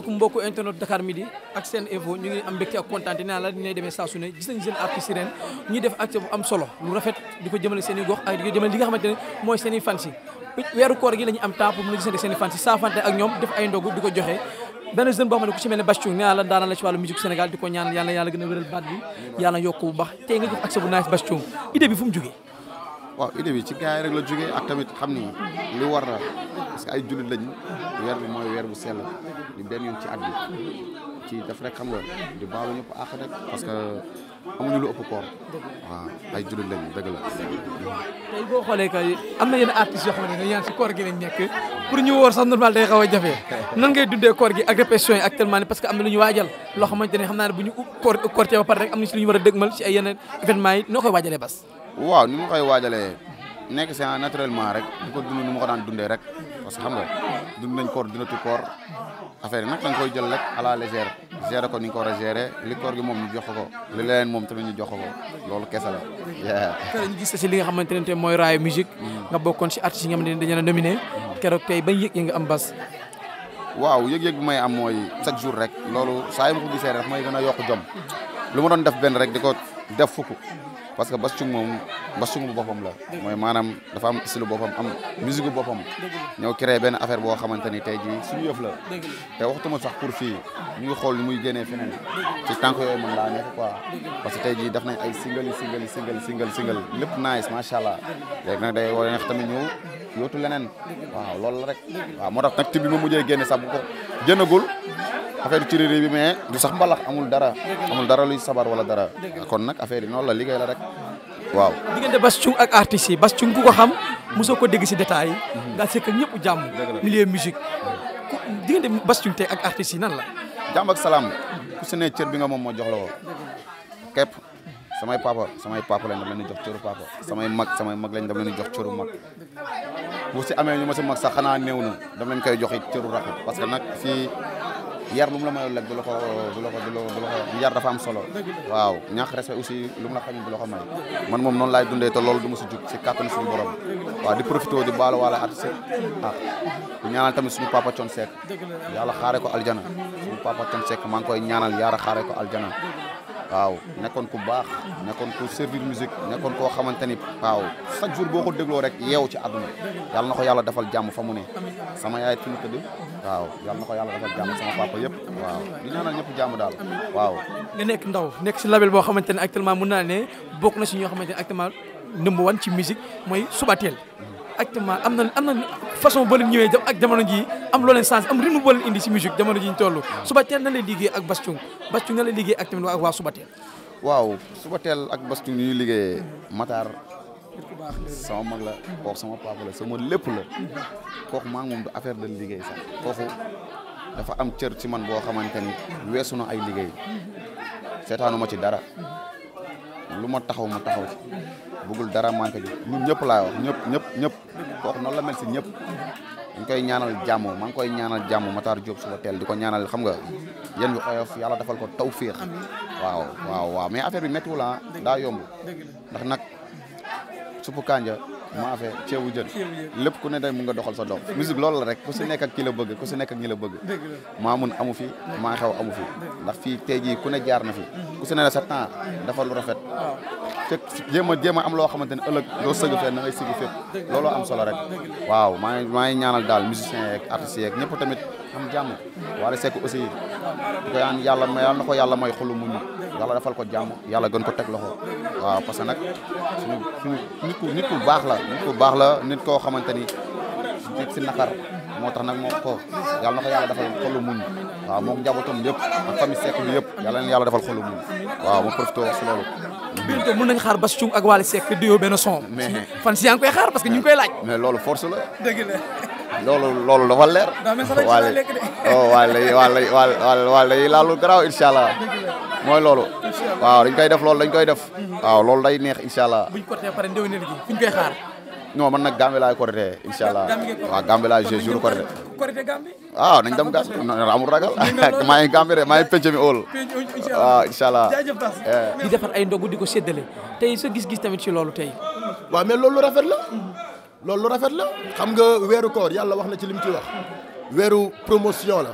salaamaaleykum mbokku internet Dakar Midi ak seen info ñu ngi am mbégte ak kontaante nee naa la demee saa ne gis nañ seen artiste ren def acte bu am solo lu rafet di ko jëmale seen gox ak jëmale di ko joxe benn jeune boo xam ne ku ci mel ne Bass Thioung nee Sénégal di ko ñaan yàlla yàlla gën a wéral baat bi yàlla yokk bu baax tey nga def acte bu nice Bass Thioung idée bi fu mu jógee bi ci gars yi rek la jógee xam ni li war la parce que ay jullit lañu weer bi mooy weer bu sell di benn yoon ci at bi ci daf rek xam nga di baalu ñëpp àq rek parce que amuñu lu ëpp koor waaw ay jullit lañu dëgg la. tey boo xoolee am na yenn artistes yoo xam ne dañu naan si koor gi lañ nekk pour ñu woor sax normal day xaw a jafe nan ngay dundee koor gi ak répétition yi actuellement nii parce que am na lu ñu waajal loo xamante ne xam naa ne bu ñu koor koor ba pare rek am na si lu ñu war a dëgmal si ay yeneen événements yi noo koy waajalee nekk c'est naturellement rek di ko dund ni ma ko daan dundee rek parce que xam nga dund nañ koor dundatu koor affaire yi nag koy jël rek à la légère gérer ko ni nga ko war a li koor gi moom ñu jox ko li moom tamit ñu jox ko loolu kese la. keroog ñu si li nga xamante ne mooy raayu musique mm. nga bokkoon si artistes yi nga xam ni dañ la nominé. keroog tey bañ yi nga am bas. waaw yëg-yëg may am mooy chaque jour rek loolu saa yu ma ko gisee rek may gën a yokk jom lu ma doon def benn rek di ko def fukk parce que Bass Thioung moom Bass Thioung bu boppam la mooy maanaam dafa am style boppam am musique boppam ñëw créé benn affaire boo xamante ni tey jii suñu yëf la te waxtuma sax pour fii ñu ngi xool ni muy génnee feneen ci tànk yooyu mën laa nekk quoi parce que tey jii daf nañ ay single yi single yi single single single lépp nice macha allah léegi nag day wara neex tamit ñëw yootu leneen waaw loolu la rek waaw moo tax nag tib bi ma mujjee génne sax bu ko génnagul affaire ci bi mais du sax mbalax amul dara. amul dara luy sabar wala dara. kon nag affaire yi noonu la liggéey la rek waaw. diggante Bass Thioung ak artistes yi Bass Thioung ku ko ko dégg si détails yi. nga mhm. sekk ñëpp jàmm. milieu musique ku diggante ak artistes yi la. jàmm salaam ku bi nga moom moo jox la woo képp samay papa samay papa lañ dama leen jox cëru papa samay mag samay mag lañ dama leen jox cëru mag bu si amee ñu ma si mag sax xanaa new na dam nañ koy jox it cëru rakk parce que nag fii. yar lu mu la mayoon rek du la ko du la ko du la yar dafa am solo waaw ñaax respect aussi lu mu la xañul du la ko may man moom noonu laay dundee te loolu du ma si jug si kàttan suñu borom waaw di profité di baal waale artiste ah di ñaanal tamit suñu papa Thione Seck yàlla xaaree ko aljana suñu papa Thione Seck maa ngi koy ñaanal yàlla xaaree ko aljana waaw nekkoon ku baax nekkoon ku servir musique nekkoon koo xamante ni waaw chaque jour boo ko dégloo rek yeew ci àdduna yàlla na ko yàlla defal jàmm fa mu ne sama yaay fi mu waaw yàlla na ko yàlla defal jàmm sama papa yëpp waaw di ñaanal ñëpp jàmm daal waaw nga nekk ndaw nekk si label boo xamante ne actuellement mën naa ne bokk na si ñoo xamante ne actuellement number one ci musique mooy Subatel actuellement am na am na façon boo leen ñëwee ak jamono jii am loo leen sens am rythme boo leen indi si musique jamono ji ñu toll Subateel na lay liggéey ak Bass Thioung Bass Thioung na lay liggéey ak tamit ak waa Subateel waaw Subateel ak Bass Thioung ñuy liggéeyee Matar sama mag la kooku sama la sama lépp la kooku maa affaire de liggéey sax am cër ci man boo xamante ni weesu na ay liggéey seetaanu ma ci dara lu taxaw ma taxaw ci bëggul ñëpp laa wax ñëpp kooku noonu la mel si ñëpp dañ koy ñaanal jàmm maa ngi koy ñaanal jàmm Matar Diop suba teel di ko ñaanal xam nga yéen yu oyof yàlla defal ko tawféex waaw waaw waaw mais affaire bi méttiwul ah daa yomb ndax nag suppu kanja maafe ceebu jën lépp ku ne day mun nga doxal sa dox musique loolu rek ku si nekk ak ki la bëgg ku si nekk ak ñi la bëgg maa mun amu fi maa xew amu fi ndax fii tey jii ku ne jaar na fi ku si ne sa temps dafa lu rafet te jéem a jéem a am loo xamante ne ëllëg doo sëgg fenn na ngay sëgg fépp looloo am solo rek waaw maa ngi maa ngi ñaanal daal musiciens yeeg artistes yeeg ñëpp tamit am jàmm Wally Seck aussi di ko yaan yàlla yàlla na ko yàlla may xolu muñu yàlla defal ko jàmm yàlla gën ko teg loxo waaw parce que nag suñu suñu nit ku baax la nit ku baax la nit koo xamante ni si naqar moo tax nag moo ko yàlla ko yàlla defal xolu muñ waaw moom njabootam yëpp ak yëpp yàlla leen yàlla defal xolu muñ waaw ma profité wax si loolu bientôt mën que ñu ngi koy laaj mais la dëgg la loolu loolu dafa leer waale waale waale waale allah mooy loolu waaw dañ koy def loolu dañ koy def waaw loolu day neex incha allah ko tee koy xaar non man nag Gambie laay korité incha waaw Gambie laay joué jour korité korite Gambie. waaw ah, nañ dem Gambie amul ragal maa ngi Gambie rek maa ngi penc mi óol. waaw ah, incha allah jaajëf eh. di defar ay ndogu di ko séddale tey sa gis-gis tamit ci loolu tey. waaw mais loolu rafet la. loolu rafet la xam nga weeru koor yàlla wax na ci li mu ci wax. weeru promotion la.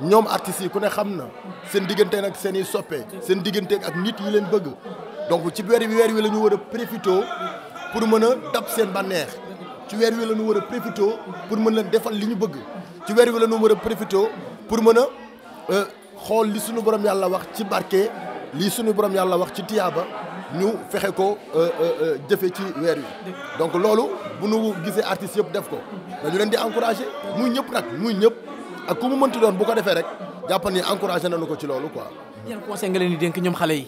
ñoom artistes ku ne xam na seen diggante ak seen i soppe seen diggante ak nit yi leen bëgg donc ci weer wi weer wi la ñu war a profité pour mën a dab seen bànneex ci weer wi la ñu war a profité pour mën leen defal li ñu bëgg ci weer wi la ñu war a pour mën a euh, xool li suñu borom yàlla wax ci barke li suñu borom yàlla wax ci tiyaaba ñu fexe ko euh, euh, jëfe ci weer wi donc loolu bu nu gisee artistes yëpp def ko dañu leen di encouragé muy ñëpp nag muy ñëpp ak ku mu mënti doon bu ko defee rek jàppal ni encouragé nañu ko ci loolu quoi. dénk ñoom xale yi.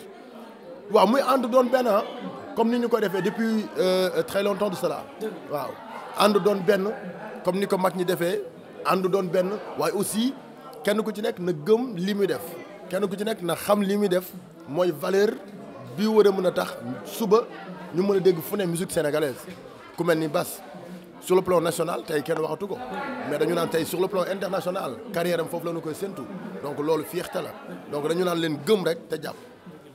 muy ànd doon benn ah. comme ni ñu koy defee depuis euh, très longtemps de cela waaw ànd doon benn comme ni ko mag ñi defee ànd doon benn waaye aussi kenn ku ci nekk na gëm lii muy def kenn ku ci nekk na xam li muy def mooy valeur bi war a mën a tax suba ñu mën a dégg fu ne musique sénégalaise ku mel ni Bass sur le plan national tey kenn waxatu ko mais dañu naan tey sur le plan international carrière am foofu la ñu koy séntu donc loolu fierté la donc dañu naan leen gëm rek te jàpp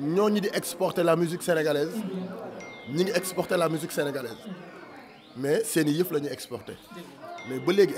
ñoo ñooñu di exporter la musique sénégalaise ñi ngi exporter la musique sénégalaise mais seen i yëf la ñuy exporter mais ba léegi.